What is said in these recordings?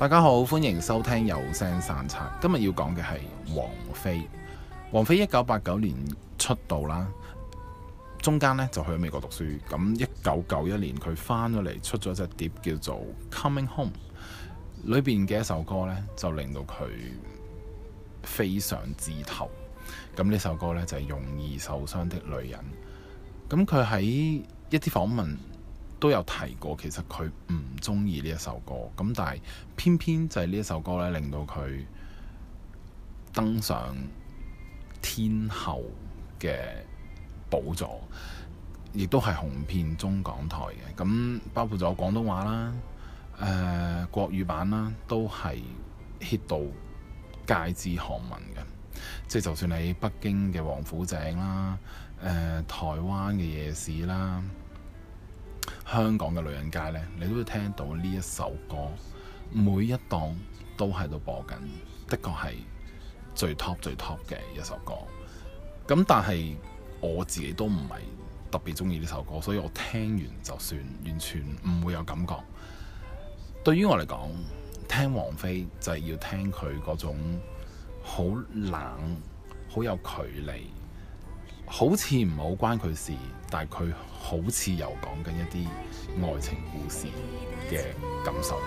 大家好，歡迎收聽有聲散策。今日要講嘅係王菲。王菲一九八九年出道啦，中間呢就去美國讀書。咁一九九一年佢翻咗嚟，出咗隻碟叫做《Coming Home》，裏邊嘅一首歌呢，就令到佢非常之頭。咁呢首歌呢，就係《容易受傷的女人》。咁佢喺一啲訪問都有提過，其實佢唔中意呢一首歌，咁但係偏偏就係呢一首歌咧，令到佢登上天后嘅寶座，亦都係紅遍中港台嘅。咁包括咗廣東話啦、誒、呃、國語版啦，都係 hit 到皆知韓文嘅，即係就算你北京嘅王府井啦、誒、呃、台灣嘅夜市啦，香港嘅女人街呢，你都會聽到呢一首歌，每一檔都喺度播緊，的確係最 top 最 top 嘅一首歌。咁但係我自己都唔係特別中意呢首歌，所以我聽完就算，完全唔會有感覺。對於我嚟講，聽王菲就係要聽佢嗰種好冷、好有距離。好似唔係好關佢事，但係佢好似又講緊一啲愛情故事嘅感受。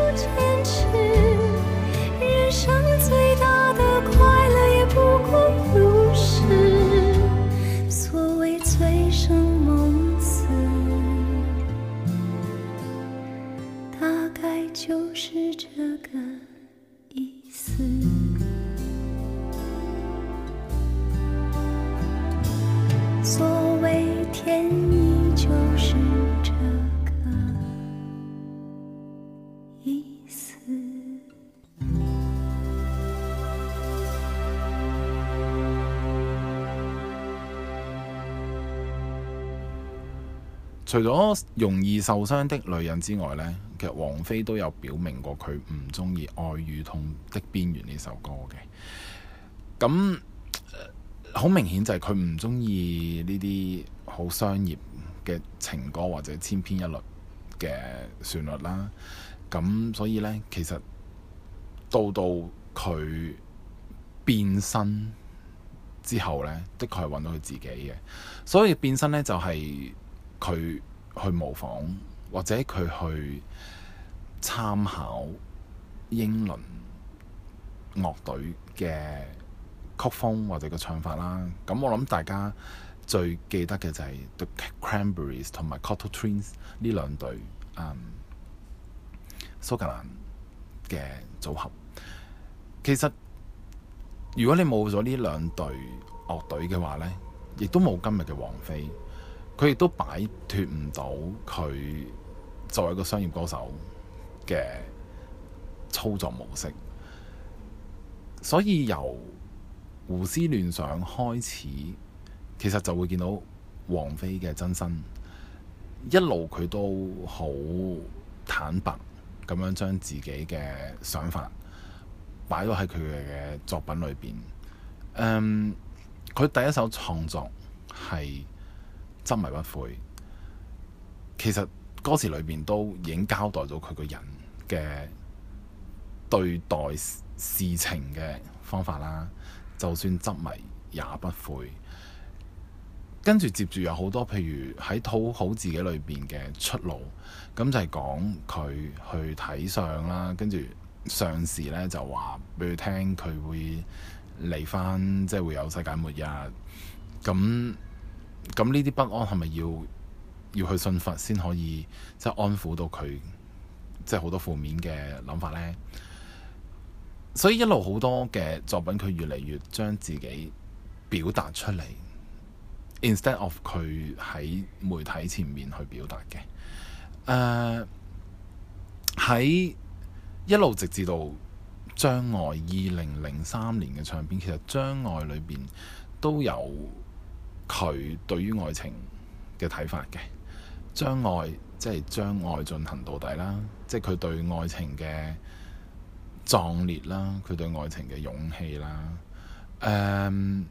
除咗容易受傷的女人之外呢，其實王菲都有表明過佢唔中意《愛與痛的邊緣》呢首歌嘅。咁好明顯就係佢唔中意呢啲好商業嘅情歌，或者千篇一律嘅旋律啦。咁所以呢，其實到到佢變身之後呢，的確係揾到佢自己嘅。所以變身呢，就係。佢去模仿，或者佢去參考英倫樂隊嘅曲風或者個唱法啦。咁我諗大家最記得嘅就係 The Cranberries 同埋 Cocteau Twins 呢兩隊、um, 蘇格蘭嘅組合。其實如果你冇咗呢兩隊樂隊嘅話呢亦都冇今日嘅王菲。佢亦都擺脫唔到佢作為一個商業歌手嘅操作模式，所以由胡思亂想開始，其實就會見到王菲嘅真身。一路佢都好坦白咁樣將自己嘅想法擺咗喺佢嘅作品裏邊。嗯，佢第一首創作係執迷不悔，其實歌詞裏面都已經交代咗佢個人嘅對待事情嘅方法啦。就算執迷也不悔，跟住接住有好多譬如喺討好自己裏邊嘅出路，咁就係講佢去睇相啦，跟住上士咧就話俾佢聽他，佢會嚟翻，即係會有世界末日咁。咁呢啲不安係咪要要去信佛先可以即係安撫到佢，即係好多負面嘅諗法呢？所以一路好多嘅作品，佢越嚟越將自己表達出嚟，instead of 佢喺媒體前面去表達嘅。誒、uh, 喺一路直至到將愛二零零三年嘅唱片，其實將愛裏邊都有。佢對於愛情嘅睇法嘅，將愛即係將愛進行到底啦，即係佢對愛情嘅壯烈啦，佢對愛情嘅勇氣啦，誒、嗯，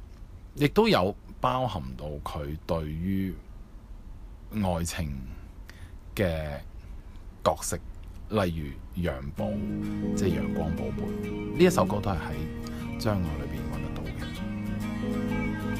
亦都有包含到佢對於愛情嘅角色，例如陽寶，即係陽光寶貝。呢一首歌都係喺將愛裏邊。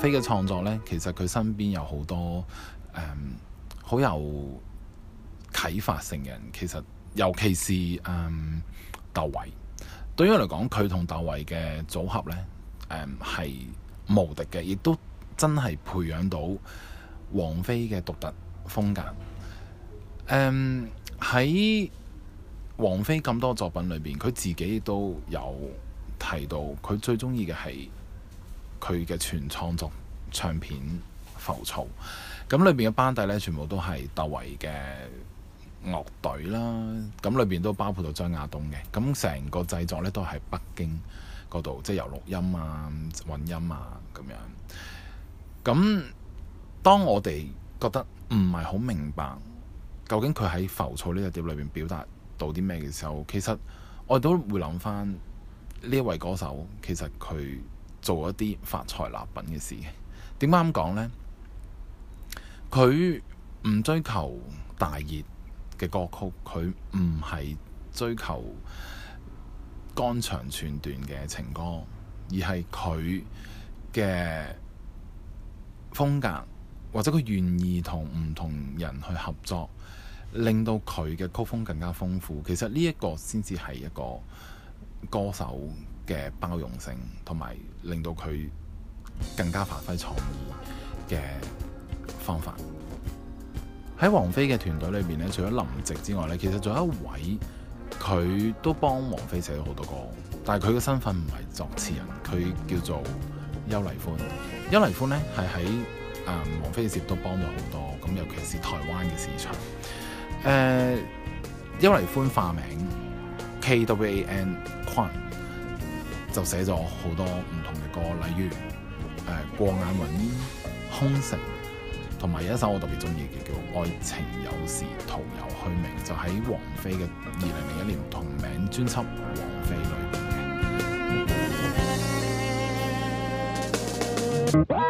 菲嘅創作呢，其實佢身邊有好多好、嗯、有啟發性嘅人。其實尤其是誒竇唯，對於我嚟講，佢同竇唯嘅組合呢，誒、嗯、係無敵嘅，亦都真係培養到王菲嘅獨特風格。喺、嗯、王菲咁多作品裏邊，佢自己都有提到，佢最中意嘅係，佢嘅全創作唱片《浮躁》，咁裏邊嘅班底呢，全部都係竇唯嘅樂隊啦。咁裏邊都包括到張亞東嘅。咁成個製作呢，都係北京嗰度，即係由錄音啊、混音啊咁樣。咁當我哋覺得唔係好明白究竟佢喺《浮躁》呢個碟裏面表達到啲咩嘅時候，其實我哋都會諗翻呢一位歌手其實佢。做一啲發財立品嘅事，點解咁講呢？佢唔追求大熱嘅歌曲，佢唔係追求肝腸寸斷嘅情歌，而係佢嘅風格，或者佢願意同唔同人去合作，令到佢嘅曲風更加豐富。其實呢一個先至係一個歌手嘅包容性，同埋令到佢更加發揮創意嘅方法。喺王菲嘅團隊裏面咧，除咗林夕之外咧，其實仲有一位佢都幫王菲寫咗好多歌，但係佢嘅身份唔係作詞人，佢叫做邱黎寬。邱黎寬咧係喺啊王菲嘅節目都幫咗好多，咁尤其是台灣嘅市場。誒、呃，邱黎寬化名 K W A N Kwan。就寫咗好多唔同嘅歌，例如誒、呃、過眼雲煙、空城，同埋有,有一首我特別中意嘅叫《愛情有時徒有虛名》，就喺王菲嘅二零零一年同名專輯《王菲》裏面嘅。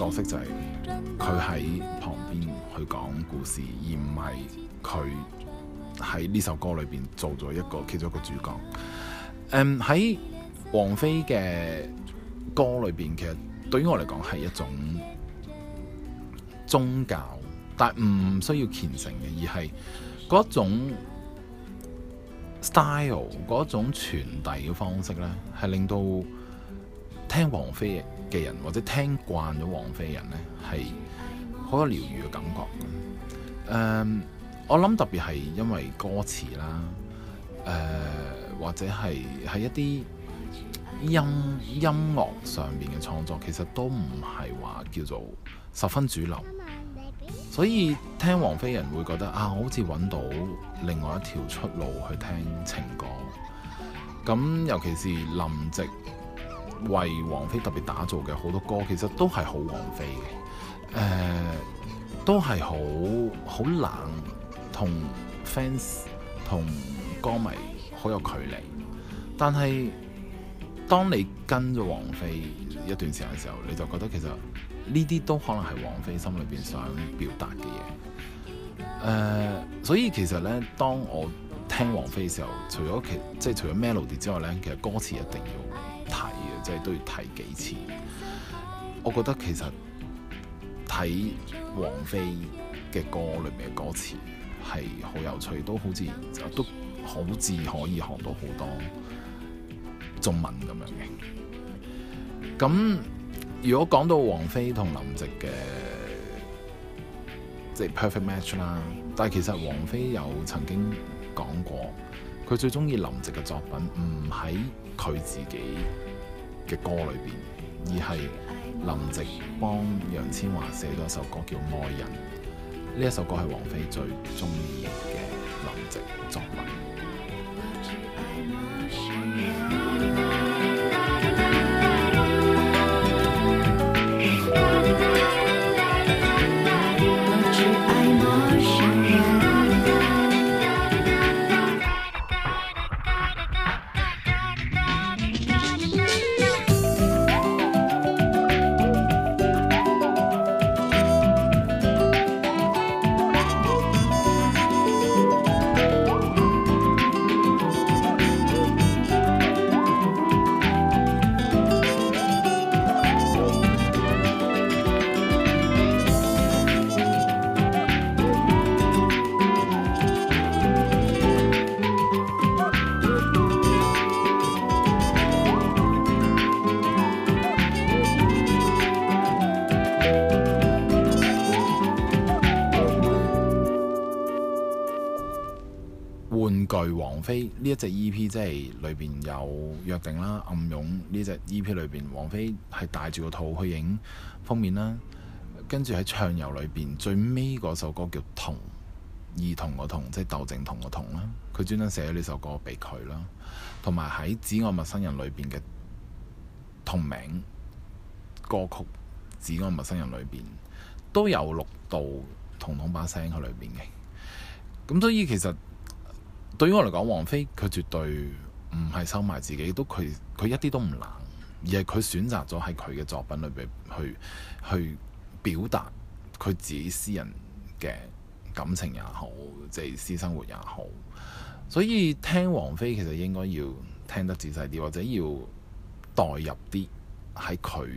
角色就係佢喺旁邊去講故事，而唔係佢喺呢首歌裏邊做咗一個其中一個主角。誒、um, 喺王菲嘅歌裏邊，其實對於我嚟講，係一種宗教，但唔需要虔誠嘅，而係嗰種 style 嗰種傳遞嘅方式咧，係令到，聽王菲嘅人，或者聽慣咗王菲人呢，係好多療愈嘅感覺。誒、uh，我諗特別係因為歌詞啦，誒、uh，或者係喺一啲音音樂上面嘅創作，其實都唔係話叫做十分主流。所以聽王菲人會覺得啊，我好似揾到另外一條出路去聽情歌。咁尤其是林夕。為王菲特別打造嘅好多歌，其實都係好王菲嘅。誒、呃，都係好好冷，同 fans 同歌迷好有距離。但係當你跟咗王菲一段時間嘅時候，你就覺得其實呢啲都可能係王菲心裏邊想表達嘅嘢。誒、呃，所以其實呢，當我聽王菲嘅時候，除咗其即係除咗 melody 之外呢，其實歌詞一定要。你都要睇幾次？我覺得其實睇王菲嘅歌裏面嘅歌詞係好有趣，都好自然，都好似可以學到好多中文咁樣嘅。咁如果講到王菲同林夕嘅即係 Perfect Match 啦，但係其實王菲有曾經講過，佢最中意林夕嘅作品唔係佢自己嘅歌裏邊，而係林夕幫楊千嬅寫咗一首歌叫《愛人》，呢一首歌係王菲最中意嘅林夕作品。《王菲》呢一隻 EP 即係裏邊有約定啦，暗湧呢隻 EP 裏邊，王菲係帶住個套去影封面啦。跟住喺唱遊裏邊最尾嗰首歌叫《童》，兒童個童，即係竇靖童個童啦。佢專登寫咗呢首歌俾佢啦。同埋喺《只愛陌生人》裏邊嘅同名歌曲《只愛陌生人》裏邊都有錄到童童把聲喺裏邊嘅。咁所以其實。對於我嚟講，王菲佢絕對唔係收埋自己，都佢佢一啲都唔冷，而係佢選擇咗喺佢嘅作品裏邊去去表達佢自己私人嘅感情也好，即係私生活也好。所以聽王菲其實應該要聽得仔細啲，或者要代入啲喺佢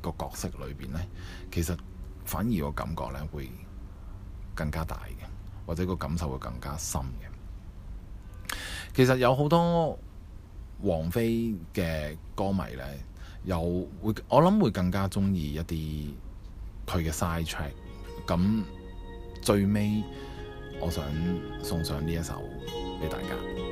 個角色裏邊呢，其實反而個感覺呢會更加大嘅，或者個感受會更加深嘅。其實有好多王菲嘅歌迷咧，有會我諗會更加鍾意一啲佢嘅 side track。咁最尾，我想送上呢一首俾大家。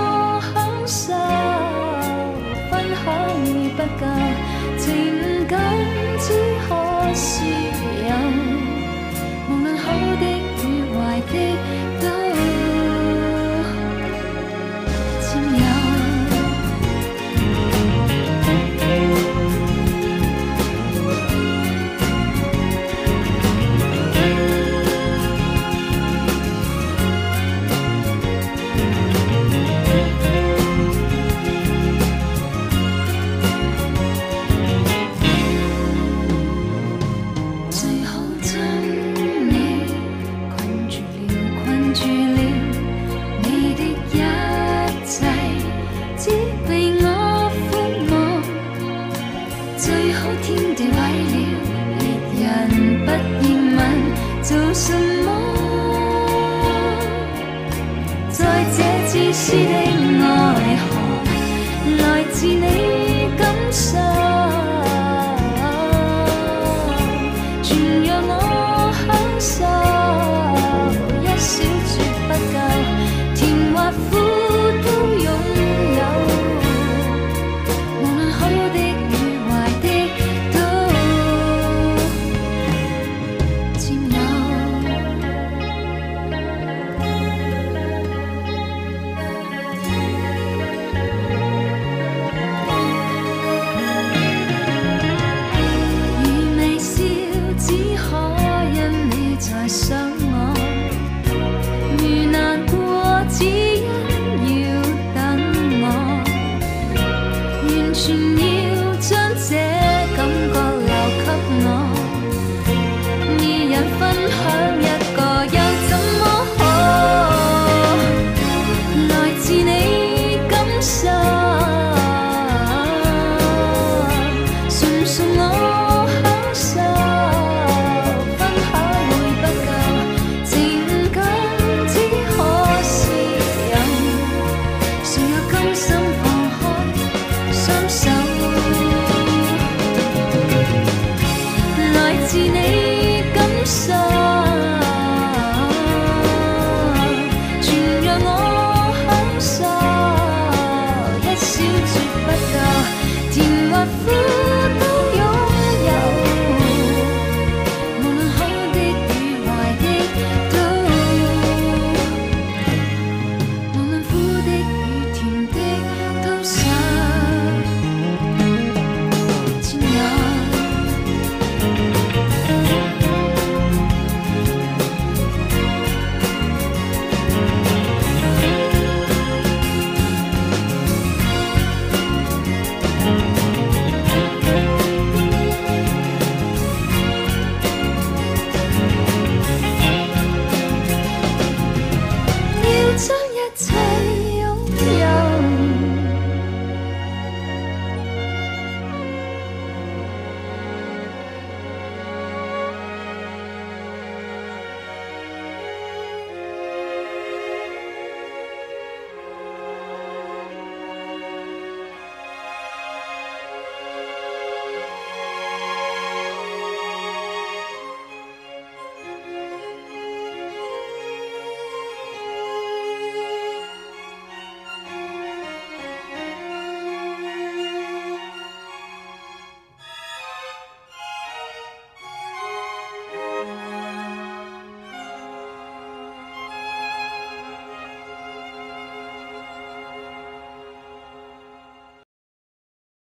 為我苦望，最好天地毀了，人不要問，做什麼？在這自私的愛河，來自你感受。